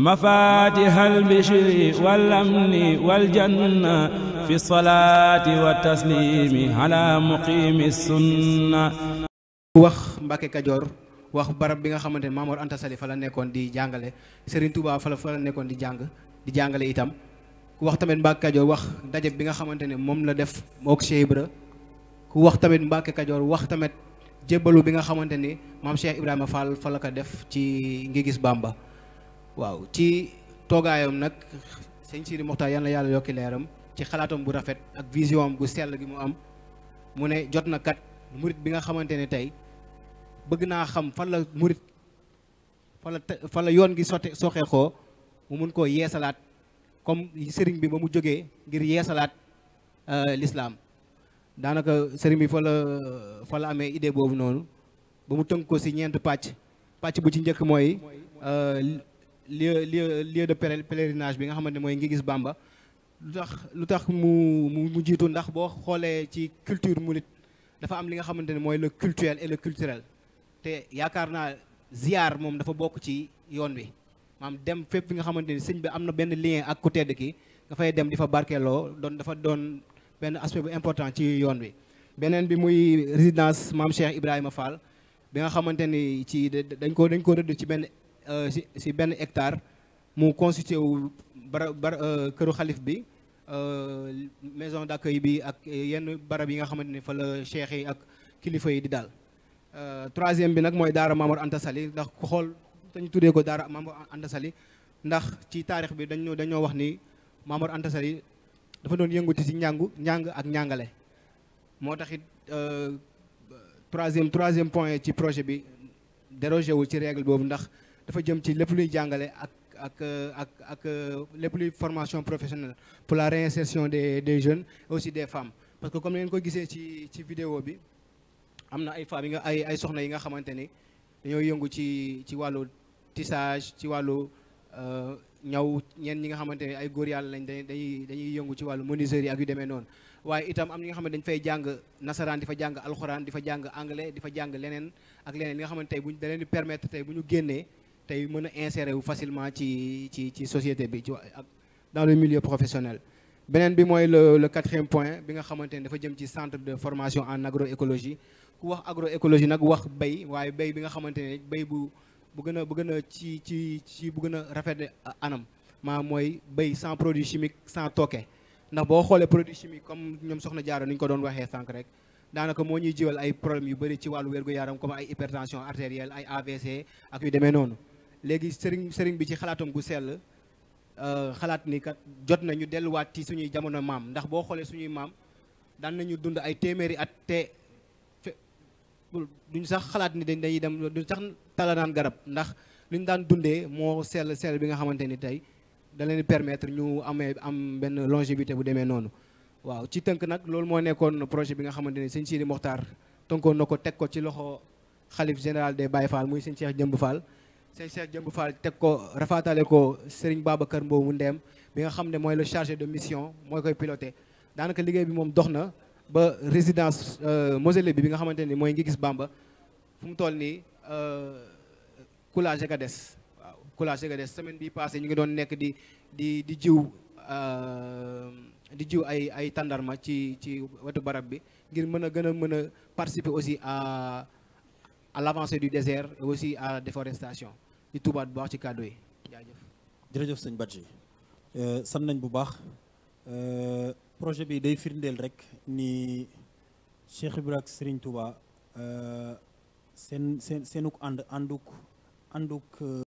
mafatihal bishri wal amni wal fi salaati wa taslimi ala muqimi sunna wax Mbàkke Kajoor wax barab bi nga xamante ne Maamoor Anta fa la nekkoon di jàngale Serigne Touba fa la fa nekkoon di jàng di jàngale itam ku wax tamit Mbàkke Kajoor wax daje bi nga xamante ne moom la def mook ku wax tamit Mbàkke Kajoor wax tamit jébbalu bi nga xamante ni maam Cheikh Ibrahima Fall fa la def ci ngi gis Bamba waaw ci toogaayam nag sëñ Sidi Moxtaar yal na yàlla yokki leeram ci xalaatam bu rafet ak vision am bu sell gi mu am mu ne jot na kat murit bi nga xamante ne tey bëgg naa xam fan la murit fan la yoon gi sote soxeekoo mu mun koo yeesalaat comme sëriñ bi ba mu jógee ngir yeesalaat euh, lislaam daanaka sëriñ bi fa la fa la amee idée boobu noonu ba mu tënk ko si ñeent pàcc pàcc bu ci njëkk mooy euh, lieu lieu lieu de pèlerinage bi nga xamante mooy ngi gis Bamba lu tax lu tax mu mu jiitu ndax boo xoolee ci culture murit dafa am li nga xamante ne mooy le cultuel et le culturel te yaakaar naa ziar moom dafa bokk ci yoon wi maam dem fépp fi nga xamante ni sëñ bi am na benn lien ak ku tedd ki nga fay dem di fa barkeeloo doon dafa doon benn aspect bu important ci yoon wi beneen bi muy résidence maam Cheikh Ibrahima Fall bi nga xamante ni ci dañ ko dañ ko rëdd ci benn Euh, si si benn hectare mu constitué wu bara bara euh, këru xalif bi euh, maison d'accueil bi ak yenn barab yi nga xamante ni fa la cheikh yi ak kilifa yi di daal. troisième bi nag mooy Daara Mamour Anta ndax ku xool dañu tuddee ko Daara Mamour Anta Sali ndax ci taarix bi dañu dañoo wax ni Mamour Anta dafa doon yënguti ci njàngu njàng ak njàngale. moo tax it troisième troisième point ci projet bi dérogé wul ci règle boobu ndax. dafa jëm ci lépp luy jàngale ak ak ak ak lépp luy formation professionnelle pour la réinsertion de des jeunes aussi des femmes parce que comme ni ko gisee ci ci bi am na ay femmes yi nga ay ay soxna yi nga xamante ni dañoo yëngu ci ci wàllu tissage ci wàllu euh, ñaw ñenn ñi nga xamante ne ay góor yàlla lañ dañuy dañuy yëngu ci wàllu menuiserie ak yu demee noonu waaye itam am na ñi nga xamante dañ fay jàng nasaraan di fa jàng alxuraan di fa jàng anglais di fa jàng leneen ak leneen li xamante tey bu di permettre tey bu ñu génnee tey mën a insérer wu facilement ci ci ci société bi ci ak dans le milieu professionnel beneen bi mooy le le quatrième point bi nga xamante ne dafa jëm ci centre de formation en agroécologie ku wax agro écologie nag wax bay waaye bay bi nga xamante ne bay bu bu gën a bu gën a ci ci ci bu gën a rafet anam maa mooy bay sans produit chimique sans tooke ndax boo xoolee produit chimique comme ñoom soxna jaaro ni ñu ko doon waxee sànq rek daanaka moo ñuy jiwal ay problèmes yu bëri ci wàllu wérgu comme ay hypertension artérielle ay AVC ak yu demee noonu léegi sëriñ sëriñ bi ci xalaatam gu sell euh, xalaat ni kat jot nañu delluwaat ci suñuy jamono maam ndax boo xoolee suñuy maam daan nañu dund ay téeméeri at te duñ sax xalaat ni dañ dañuy dem duñ sax tala garab ndax lu ñu daan dundee moo sell sell bi nga xamante ni tey da leen permettre ñu amee am benn longévité bu demee noonu waaw ci tënk nag loolu moo nekkoon projet bi nga xamante ni sëñ Sidi Mokhtar tënkoon na ko teg ko ci loxo xalif général des Baye Fall muy sëñ Cheikh Jëmb Fall sëñ Cheikh Jëmb Fall teg ko rafaatale ko Serigne Babacar Mbow mu ndeem bi nga xam ne mooy la chargé de mission mooy koy piloté daanaka liggéey bi moom dox na ba résidence euh, moselle bi bi nga xamante ni mooy ngi gis Bamba fu mu toll nii euh, coulage ga des waaw coulage ga des semaine bi passé ñu ngi doon nekk di di di jiw euh, di jiw ay ay tàndarma ci ci wetu barab bi ngir mën a gën a mën a participer aussi à à du désert aussi à déforestation di tubaat bu baax ci kàddu yi jaajëf jërëjëf sëñ Badji euh, sant nañ bu baax euh, projet bi day firndeel rek ni Cheikh Ibrahima Serigne Touba euh, seen seen seenuk ànd ànduk ànduk